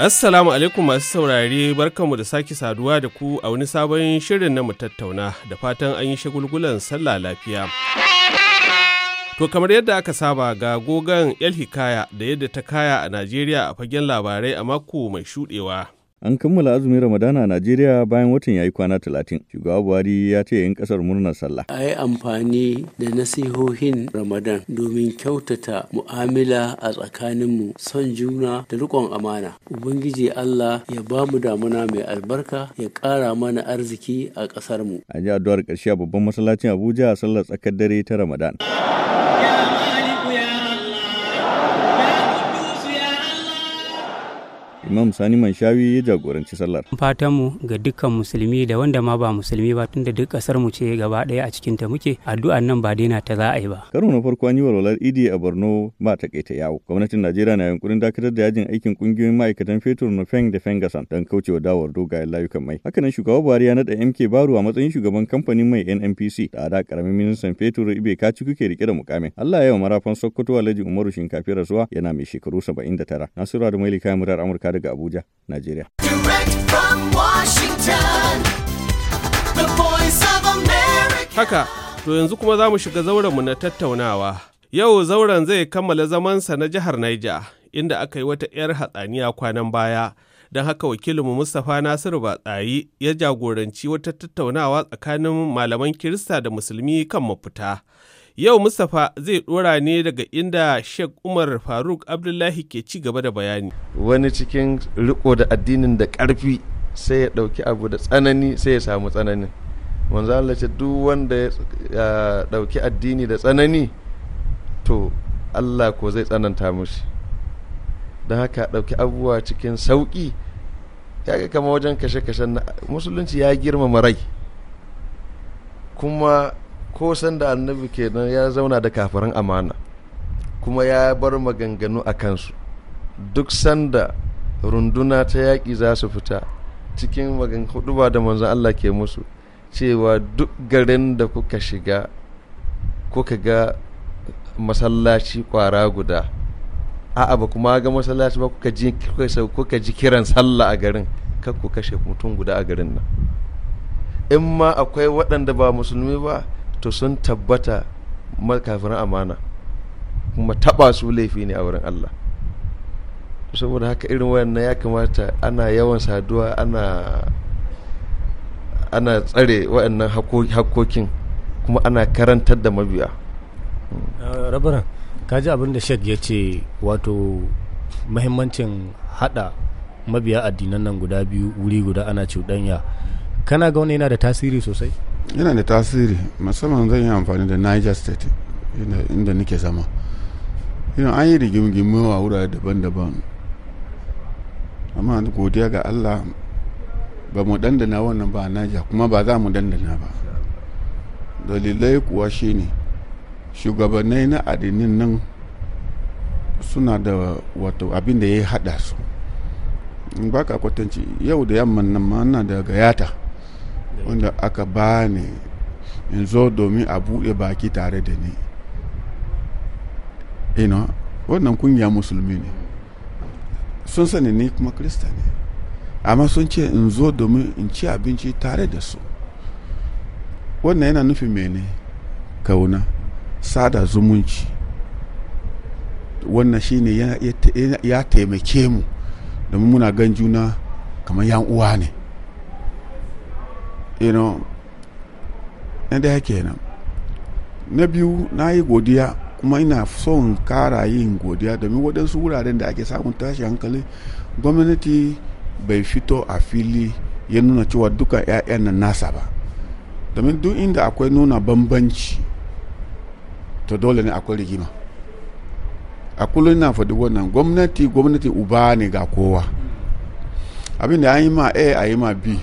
Assalamu alaikum masu saurare barkanmu da sake saduwa da ku a wani sabon shirin na mu tattauna da fatan an yi shagulgulan sallah lafiya. To kamar yadda aka saba ga gogon 'yar Hikaya da yadda ta kaya a Najeriya a fagen labarai a mako mai shudewa. An kammala azumin Ramadana a Najeriya bayan watan yayi kwana talatin. Shugaba Buhari ya ce 'yan kasar murnar sallah. A yi amfani da nasihohin Ramadan domin kyautata mu'amala a tsakaninmu son juna da riƙon amana. Ubangiji Allah ya ba mu damuna mai albarka ya kara mana arziki a ƙasarmu. A ji addu'ar ƙarshe a babban masallacin Abuja a sallar tsakar dare ta Ramadan. Imam Sani Man Manshawi ya jagoranci sallar. Fatan mu ga dukkan musulmi da wanda ma ba musulmi ba tunda duk kasar mu ce gaba ɗaya a cikin ta muke addu'an nan ba daina ta za a yi ba. Karo na farko an yi walwalar Idi a Borno ba ta kaita yawo. Gwamnatin Najeriya na yunkurin dakatar da yajin aikin kungiyoyin ma'aikatan fetur na Feng da Fengasan don kaucewa dawar dogayen layukan mai. Hakanan shugaba Buhari ya naɗa MK Baro a matsayin shugaban kamfanin mai NNPC da ada karamin ministan fetur Ibe Kaciku ke rike da mukamin. Allah ya yi wa marafan Sokoto Alhaji Umaru Shinkafi rasuwa yana mai shekaru 79. Nasiru Adamu Kayan Murar Amurka amurka daga abuja najeriya haka to yanzu kuma za mu shiga mu na tattaunawa yau zauren zai kammala zamansa na jihar naija inda aka yi wata 'yar hatsaniya kwanan baya don haka wakilinmu Mustapha Nasiru Batsayi ya jagoranci wata tattaunawa tsakanin malaman Kirista da Musulmi kan mafita. Yau Mustapha zai ɗora ne daga inda Sheikh Umar Faruk Abdullahi ke ci gaba da bayani. Wani cikin riko da addinin da ƙarfi sai ya ɗauki abu da tsanani sai ya samu tsananin. Manzo Allah ce duk wanda ya ɗauki addini da tsanani to Allah ko zai tsananta mushi. Don haka ɗauki abubuwa cikin sauki ya ga kama wajen kashe-kashen musulunci ya girmama rai kuma ko sanda annabi kenan ya zauna da kafaran amana kuma ya bar maganganu a kansu duk sanda runduna ta yaƙi za su fita cikin ba da manzan Allah ke musu cewa duk garin da kuka shiga kuka ga masallaci kwara guda a'a ba kuma ga masallaci ba kuka ji kuka ji kiran sallah a garin kar kashe mutum guda a garin nan in ma akwai waɗanda ba musulmi ba to sun tabbata makafiran amana kuma taba su laifi ne a wurin Allah saboda haka irin wayannan ya kamata ana yawan saduwa ana ana tsare wayannan hakokin kuma ana karantar da mabiya uh, rabaran kaji abin da shek ya ce wato mahimmancin hada mabiya addinan nan guda biyu wuri guda ana cuɗanya kana ga wani yana da tasiri sosai yana da tasiri musamman zan yi amfani da niger state inda nake zama yana an yi rigimgimu a wurare daban-daban amma godiya ga allah ba mu dandana wannan ba a niger kuma ba za mu dandana ba dalilai kuwa shine shugabannai na adinin nan suna da wato abin da ya haɗa su in ba ka kwatanci yau da yamman nan ma na da gayata wanda aka ba ni in zo domin a buɗe baki tare da ni ina wannan kungiya musulmi ne sun sani ni kuma krista ne amma sun ce in zo domin in ci abinci tare da su wannan yana nufin mene kauna sada zumunci wannan shine ya taimake mu domin muna gan juna kamar yan uwa ne you know na da kenan na biyu na yi godiya kuma ina son kara yin godiya domin waɗansu wuraren da ake samun tashi hankali gwamnati bai fito a fili ya nuna cewa duka 'ya'yan nan nasa ba domin duk inda akwai nuna bambanci to dole ne akwai rigima a kullum na faɗi wannan gwamnati gwamnati uba ne ga kowa abin da an yi ma a a yi ma b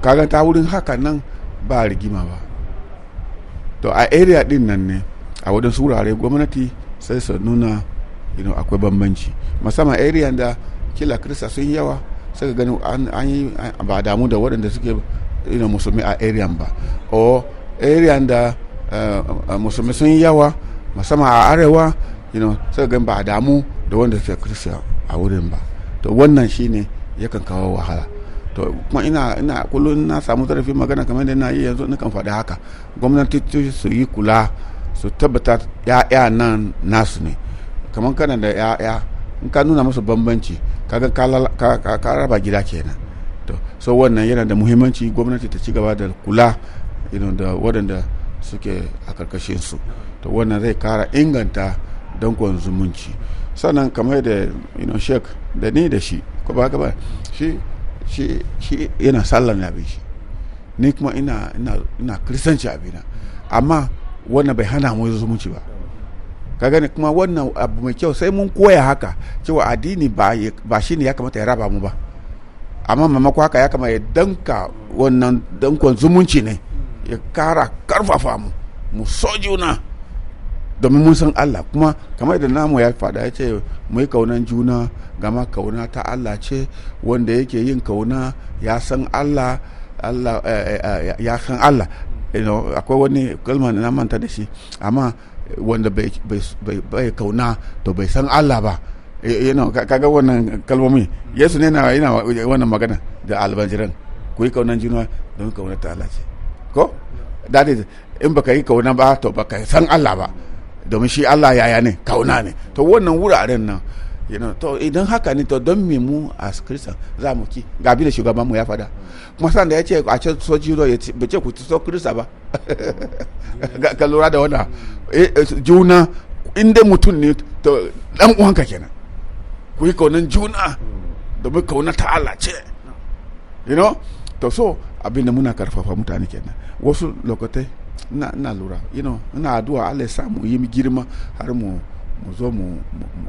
kaga ta wurin haka nan ba rigima ba to a area din nan ne a wajen surare gwamnati sai su nuna akwai bambanci musamman area da kila krista sun yawa sai ka gani an yi ba damu da waɗanda suke you musulmi a area ba o area da eh, musulmi sun yawa musamman a arewa you sai ka gani ba damu da wanda suke krista a wurin ba to wannan shine yakan kawo wahala to kuma ina ina kullum na samu zarafin magana kamar da na yi yanzu kan faɗi haka gwamnati su yi kula su tabbata ya'ya nan nasu ne kamar kana da ya'ya in ka nuna musu bambanci kaga ka raba gida kenan to so wannan yana da muhimmanci gwamnati ta ci gaba da kula da waɗanda suke a karkashin su to wannan zai kara inganta dankon zumunci sannan kamar da you shek da ni da shi ko ba ba shi shi yana sallar na abin shi ni kuma ina ina ina kristanci abina amma wannan bai hana mu zumunci ba ka gani kuma wannan abu mai kyau sai mun koya haka cewa addini ba ba ne ya kamata ya raba mu ba amma mamako haka ya kamata ya danka wannan dankon zumunci ne ya kara karfafa mu mu so juna domin mun san Allah kuma kamar da namu ya faɗa ya ce mai kaunan juna gama kauna ta Allah ce wanda yake yin kauna ya san Allah Allah eh, eh, eh, ya san Allah akwai wani kalma na manta da shi amma wanda bai bai kauna to bai san Allah ba kaga wannan kalmomi yesu ne na yana wannan magana da albanjiran ku yi kaunan juna don kauna ta Allah ce ko that is in baka yi kauna ba to baka san Allah ba domin shi Allah yaya ne kauna ne to wannan wuraren nan you know, to idan haka ne to don me mu a Christian za mu ki ga bi da shugaban mu ya fada kuma san da ya ce a ce jiro ya ce bace ku so krista ba ka lura da wannan eh, eh, juna inda mutum ne to dan uwanka kenan ku yi kaunan juna domin kauna ta Allah ce you know to so abin da muna karfafa mutane kenan wasu lokatai ina ina lura you know ina addu'a Allah ya sa mu yi girma har mu mu zo mu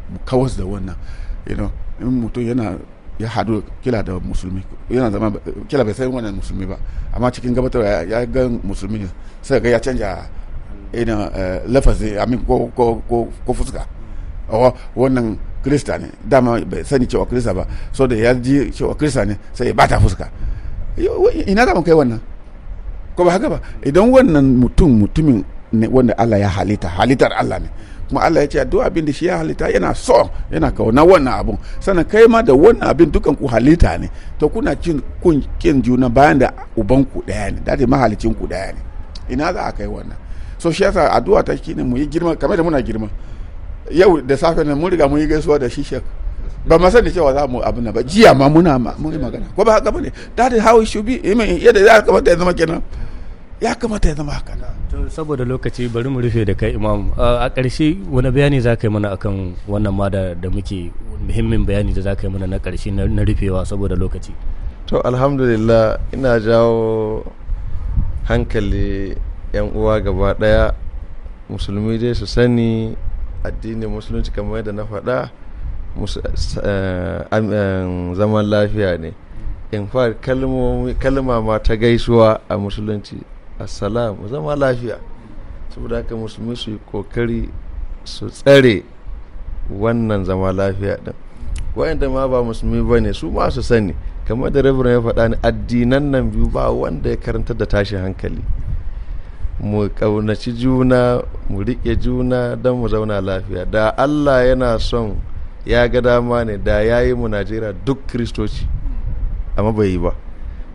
mu kawas da wannan you know in mutum yana ya hadu kila da musulmi yana zama kila bai san wannan musulmi ba amma cikin gabatar ya ga musulmi ne sai ga ya canja ina eh, lafazi amin ko ko ko ko fuska wannan krista ne dama bai sani cewa krista ba so da ya ji cewa krista ne sai ya bata fuska ina za mu kai wannan ko ba haka ba idan wannan mutum mutumin ne wanda Allah ya halitta halittar Allah ne kuma Allah ya ce duk abin da shi ya halitta yana so yana kauna wannan abun sannan kai ma da wannan abin dukan ku halitta ne to kuna cin kun kin juna bayan da uban ku daya ne da mahalicin ku daya ne ina za a kai wannan so shi yasa addu'a ta shine mu yi girma kamar da muna girma yau da safe nan mun riga mun yi gaisuwa da shi shek ba ma sani cewa za mu abin ba jiya ma muna mun magana ko ba haka bane that is how it should be imin yadda ya kamata ya zama kenan ya kamata ya zama haka to saboda lokaci bari mu rufe da kai imam a ƙarshe wani bayani za ka yi mana akan wannan ma da muke muhimmin bayani da za ka yi mana na ƙarshe na rufewa saboda lokaci to alhamdulillah ina jawo hankali yan uwa gaba daya musulmi dai su sani addinin musulunci kamar yadda na faɗa Eh, zaman lafiya ne in fari kalma ma ta gaisuwa a musulunci assalamu zama lafiya saboda haka musulmi su yi kokari su tsare wannan zama lafiya din wayanda ma ba musulmi ba ne su ma su sani kamar da rabin ya faɗa ni addinan nan biyu ba wanda ya karanta da tashin hankali mu ƙaunaci juna mu riƙe juna don mu zauna lafiya da allah yana son ya ga dama ne da ya yi mu najeriya duk kristoci amma bai yi ba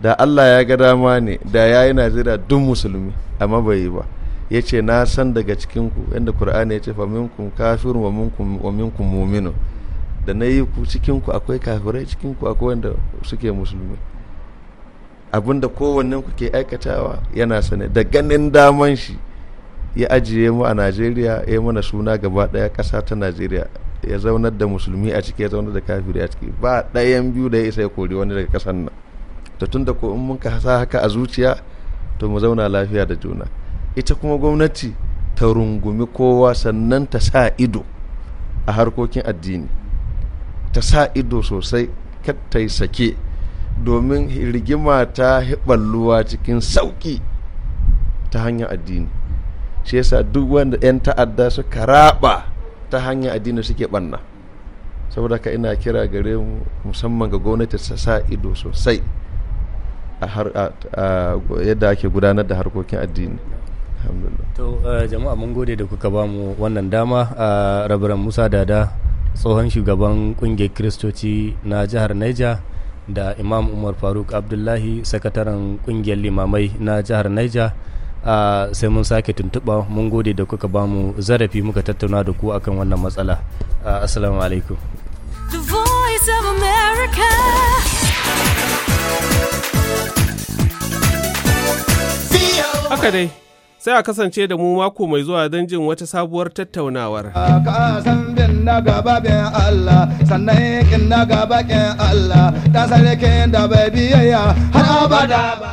da allah ya ga dama ne da ya yi najeriya duk musulmi amma bai yi ba ya ce na san daga cikinku yadda kur'ani ya ce fa minkum wa minkun mu'minu da na yi ku cikinku akwai kafirai cikinku akwai wanda suke musulmi abinda kowannen ku ke aikatawa yana sane da ganin daman shi ya ajiye mu a najeriya ya mana suna gaba daya kasa ta najeriya ya zaunar da musulmi a ciki ya zaunar da kafiri a ciki ba ɗayan biyu da ya isa ya kori wani daga kasan nan to tunda ko in mun kasa haka a zuciya to mu zauna lafiya da juna ita kuma gwamnati ta rungumi kowa sannan ta sa ido a harkokin addini ta sa ido sosai kar ta yi sake domin rigima ta hiɓalluwa cikin sauƙi ta hanyar addini shi yasa duk wanda 'yan ta'adda suka raba ta hanyar addini suke banna saboda ka ina kira gare mu musamman ga gwamnati ta sa ido sosai a yadda ake gudanar da harkokin addini to eh, jama'a mun gode da kuka ba mu wannan dama a eh, rabaran musa dada tsohon shugaban kungiyar kiristoci na jihar niger da imam umar faruk abdullahi sakataren kungiyar limamai na jihar niger sai mun sake tuntuɓa mun gode da kuka ba mu zarafi muka tattauna da ku akan wannan matsala assalamu alaikum The Voice of America dai sai a kasance da mu mako mai zuwa don jin wata sabuwar tattaunawar. Ah,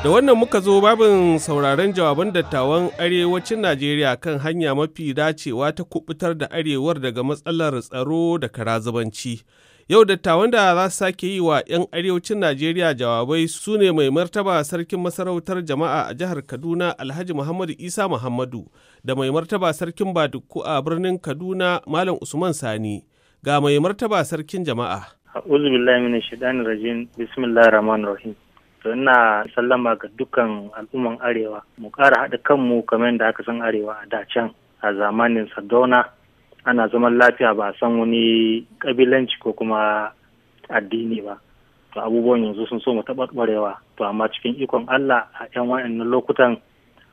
da wannan muka zo babin sauraron jawaban dattawan arewacin Najeriya kan hanya mafi dacewa ta kubutar da arewar daga matsalar tsaro da karazubanci. Yau dattawan da za su sake yi wa 'yan arewacin Najeriya jawabai su ne mai martaba sarkin masarautar jama'a a jihar Kaduna Alhaji Muhammadu Isa Muhammadu da mai martaba sarkin Badukku a birnin Kaduna Malam Usman Sani ga mai martaba sarkin jama'a. rajim. To ina sallama ga dukkan al'umman arewa. Mu ƙara haɗa kanmu kamar da aka san arewa a da can a zamanin sadona ana zaman lafiya ba a san wani kabilanci ko kuma addini ba to abubuwan yanzu sun so mu ɓarewa to amma cikin ikon Allah a 'yan wa'annan lokutan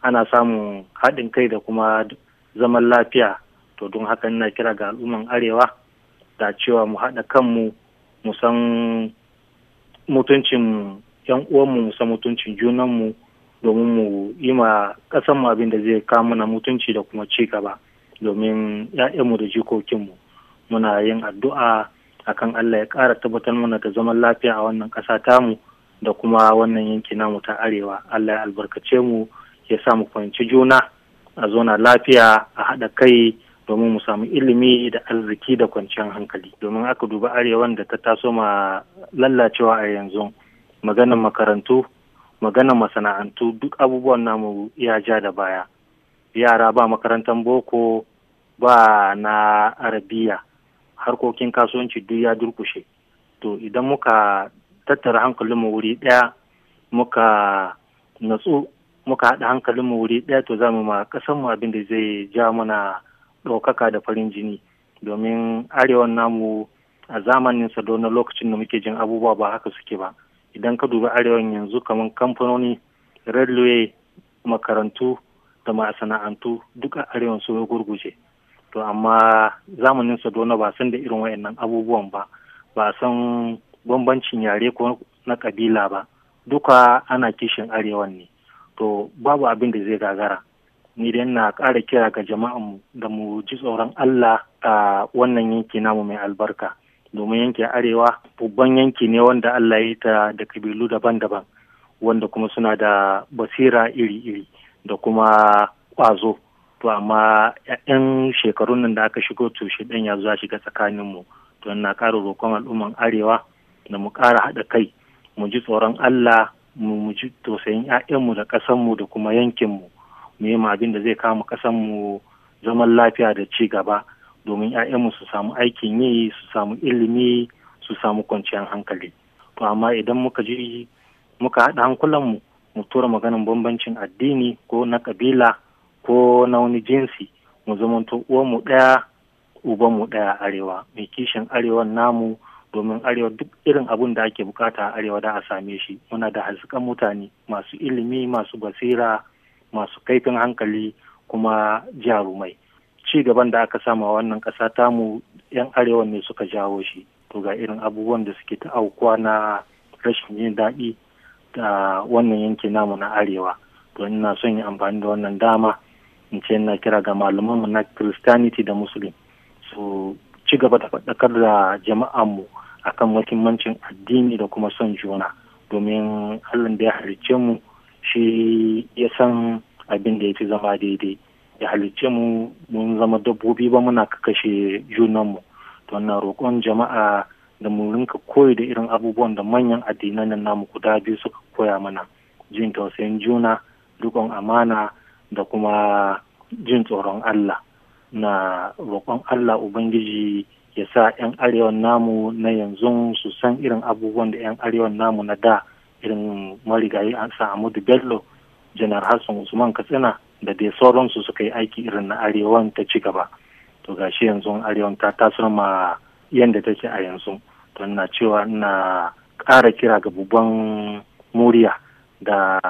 ana samun haɗin kai da kuma zaman lafiya to don haka ina kira ga al'umman arewa da cewa mu haɗa kanmu mu san mutuncin yan uwanmu mu san mutuncin junanmu domin mu yi ma ƙasanmu abin da zai kawo mana mutunci da kuma ci gaba. domin ‘ya'yanmu da jikokinmu muna yin addu'a a kan Allah ya ƙara tabbatar mana da zaman lafiya a wannan ƙasa tamu da kuma wannan yanki namu ta arewa Allah ya albarkace mu ya sa mu fahimci juna a zona lafiya a haɗa kai domin mu samu ilimi da arziki da kwanciyar hankali domin aka duba arewan da ta taso ma lallacewa a yanzu maganan makarantu maganan masana'antu duk abubuwan namu ya ja da baya yara ba makarantar boko ba na arabiya harkokin kasuwanci duk ya durkushe to idan muka tattara hankalinmu wuri ɗaya muka natsu muka haɗa hankalinmu wuri ɗaya to zamu mu ma mu abin da zai ja mana ɗaukaka da farin jini domin arewan namu a zamanin sa na lokacin da muke jin abubuwa ba haka suke ba idan ka dubi arewan yanzu kamar kamfanoni railway makarantu da masana'antu duka arewan su ya gurguje to amma zamanin sadona ba san da irin wayannan abubuwan ba ba san bambancin yare ko na kabila ba duka ana kishin arewan ne to babu abin da zai gagara ni dai na ƙara kira ga jama'an mu da mu ji tsoron Allah a wannan yanki namu mai albarka domin yankin arewa babban yanki ne wanda Allah ya ta da kabilu daban-daban wanda kuma suna da basira iri-iri da kuma ƙwazo to amma 'yan shekarun nan da aka shigo to shi ɗan ya zuwa shiga tsakanin mu. to na ƙara roƙon al'umman arewa da mu ƙara haɗa kai mu ji tsoron Allah mu ji tausayin mu da mu da kuma yankin mu yi abin da zai kama mu zaman lafiya da ci gaba domin mu su samu aikin yi su samu ilimi su samu kwanciyar hankali to amma idan muka ji muka haɗa mu. mu tura maganin bambancin addini ko na kabila ko na wani jinsi mu zamanto uwanmu ɗaya mu ɗaya arewa mai kishin arewa namu domin arewa duk irin abun da ake bukata a arewa da a same shi muna da hasken mutane masu ilimi masu basira masu kaifin hankali kuma jarumai ci gaban da aka sama wannan ƙasa tamu 'yan arewa ne suka jawo shi to ga irin abubuwan da suke ta aukuwa na rashin yin daɗi da wannan yanki namu na arewa to ina son yi amfani da wannan dama in ce na kira ga malamanmu na christianity da muslim su ci gaba da faɗakar da jama'an jama'anmu akan muhimmancin addini da kuma son juna domin allah da ya halicce mu shi ya san abin da ya fi zama daidai ya halicce mu mun zama dabbobi ba muna kakashe junanmu to na roƙon jama'a da mu rinka koyi da irin abubuwan da manyan addinan nan namu guda biyu suka koya mana jin tausayin juna rikon amana da kuma jin tsoron Allah na roƙon Allah Ubangiji ya sa 'yan arewan namu na yanzu su san irin abubuwan da 'yan arewan namu na da irin marigayi a sa Amadu Bello janar Hassan Usman Katsina da dai sauransu suka yi aiki irin na arewan ta ci gaba to gashi yanzu arewan ta tasirma ma ta take a yanzu wato na cewa na kara kira ga babban muriya da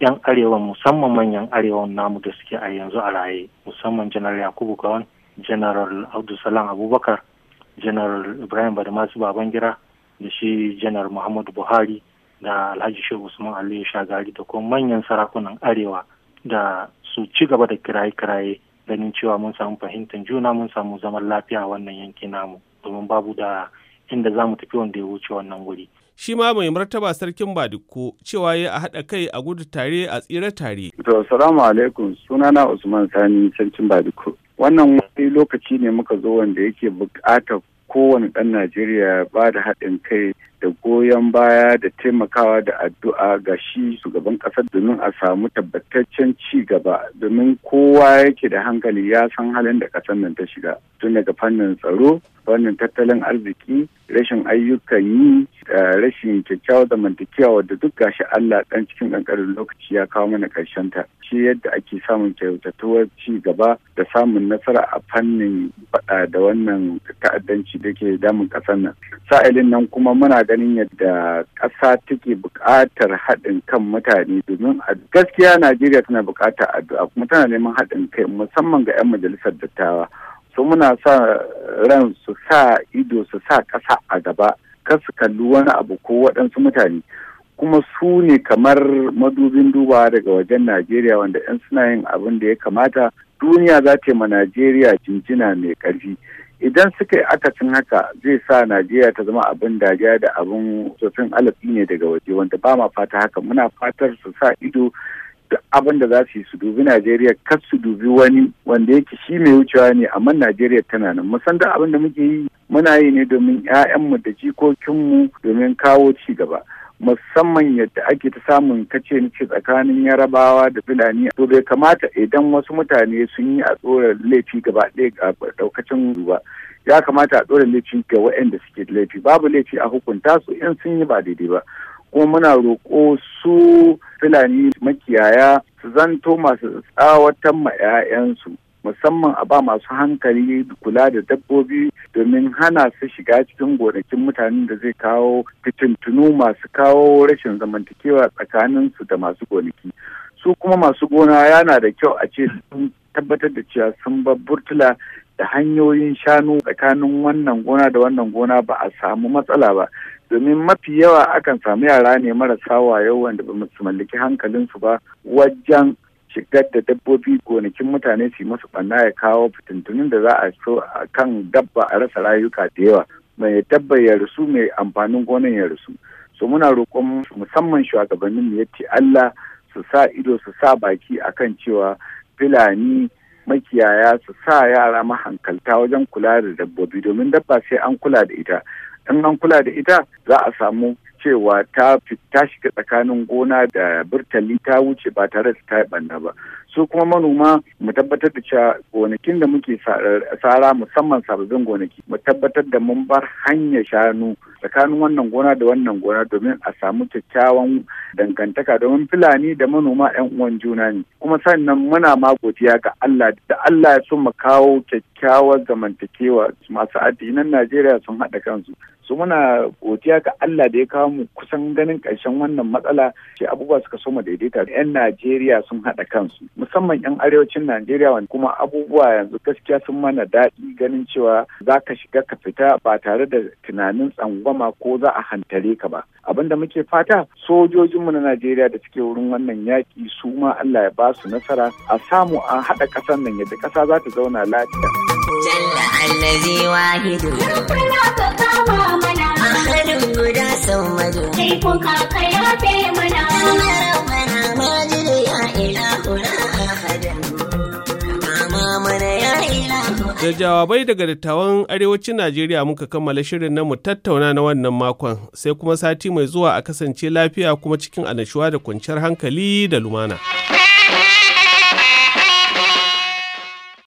'yan arewa musamman manyan arewa namu da suke a yanzu a raye musamman janar yakubu gawan general abdulsalam abubakar janar ibrahim badamasu babangira da shi janar muhammadu buhari da alhaji shehu usman aliyu shagari da kuma manyan sarakunan arewa da su ci gaba da kiraye-kiraye ganin cewa mun samu fahimtar juna mun samu zaman lafiya a wannan yanki namu domin babu da inda za mu tafi wanda ya wuce wannan wuri. Shi ma mai martaba sarkin badiko cewa ya a haɗa kai a gudu tare a tsira tare. To, salamu alaikum sunana Usman Sani sarkin badiko. Wannan wani lokaci ne muka zo wanda yake buƙatar kowane ɗan Najeriya ba da haɗin kai da goyon baya da taimakawa da addu'a ga shi shugaban ƙasar domin a samu tabbataccen ci gaba domin kowa yake da hankali ya san halin da ƙasar nan ta shiga tun daga fannin tsaro fannin tattalin arziki rashin ayyukan yi rashin kyakkyawar zamantakewa wadda duk gashi Allah dan cikin ƙanƙarin lokaci ya kawo mana ƙarshen ta shi yadda ake samun kyautatuwar ci gaba da samun nasara a fannin faɗa da wannan ta'addanci da ke damun ƙasar nan sa'ilin nan kuma muna da ganin yadda ƙasa take buƙatar haɗin kan mutane domin a gaskiya najeriya tana buƙatar addu'a kuma tana neman haɗin kai musamman ga 'yan majalisar dattawa su muna sa ran su sa ido su sa ƙasa a gaba kar su kalli wani abu ko waɗansu mutane kuma su ne kamar madubin duba daga wajen najeriya wanda 'yan suna yin abin da ya kamata duniya za ta yi ma najeriya jinjina mai ƙarfi idan suka yi akasin haka zai sa najeriya ta zama abin dariya da abin sosin alafi ne daga waje wanda ba ma fata haka muna fatar su sa ido duk abin da za su yi su dubi najeriya kar su dubi wani wanda yake shi mai wucewa ne amma najeriya tana nan musan da abin da muke yi muna yi ne domin 'ya'yanmu da jikokinmu domin kawo ci gaba musamman yadda ake ta samun kace ni ce tsakanin yarabawa da fulani to bai kamata idan wasu mutane sun yi a tsoron laifi gaba ɗaya a ɗaukacin ruwa ya kamata a tsoron laifi ga waɗanda suke laifi babu laifi a hukunta su in sun yi ba daidai ba kuma muna roƙo su fulani makiyaya su zanto masu tsawatan ma 'ya'yansu musamman a ba masu hankali kula da dabbobi domin hana su shiga cikin gonakin mutanen da zai kawo fitintunu masu kawo rashin zamantakewa tsakanin su da masu gonaki su kuma masu gona yana da kyau a ce sun tabbatar da cewa sun bar burtula da hanyoyin shanu tsakanin wannan gona da wannan gona ba a samu matsala ba domin mafi yawa akan samu yara ne marasa wayo wanda ba su mallaki hankalinsu ba wajen shigar da dabbobi gonakin mutane su masu ɓanna ya kawo fitintunin da za a so a kan dabba a rasa rayuka da yawa mai dabba ya rasu mai amfanin gonan ya rasu so muna roƙon musamman shugabannin mu ce Allah su sa ido su sa baki akan cewa filani makiyaya su sa yara mahankalta wajen kula da dabbobi domin dabba sai an kula da ita in an kula da ita za a samu cewa ta ta shiga tsakanin gona da burtali ta wuce ba tare da ta banna ba su kuma manoma mu tabbatar da cewa gonakin da muke tsara musamman sababbin gonaki mu tabbatar da mun bar hanyar shanu tsakanin wannan gona da wannan gona domin a samu kyakkyawan dangantaka domin fulani da manoma yan uwan juna ne kuma sannan muna ma godiya ga Allah da Allah ya so mu kawo kyakkyawar zamantakewa masu addinan Najeriya sun haɗa kansu su muna godiya ga Allah da ya kawo mu kusan ganin ƙarshen wannan matsala sai abubuwa suka soma daidaita yan Najeriya sun haɗa kansu musamman yan arewacin Najeriya wanda kuma abubuwa yanzu gaskiya sun mana daɗi ganin cewa za ka shiga ka fita ba tare da tunanin tsangwama ko za a hantare ka ba abinda muke fata sojojinmu na Najeriya da suke wurin wannan yaƙi su ma Allah ya ba su nasara a samu a haɗa ƙasar nan yadda ƙasa za ta zauna lafiya. Jalla allazi wahidu. Sai kuka ya mana. ya Da jawabai daga dattawan arewacin Najeriya muka kammala shirin na mu tattauna na wannan makon sai kuma sati mai zuwa a kasance lafiya kuma cikin annashuwa da kwanciyar hankali da lumana.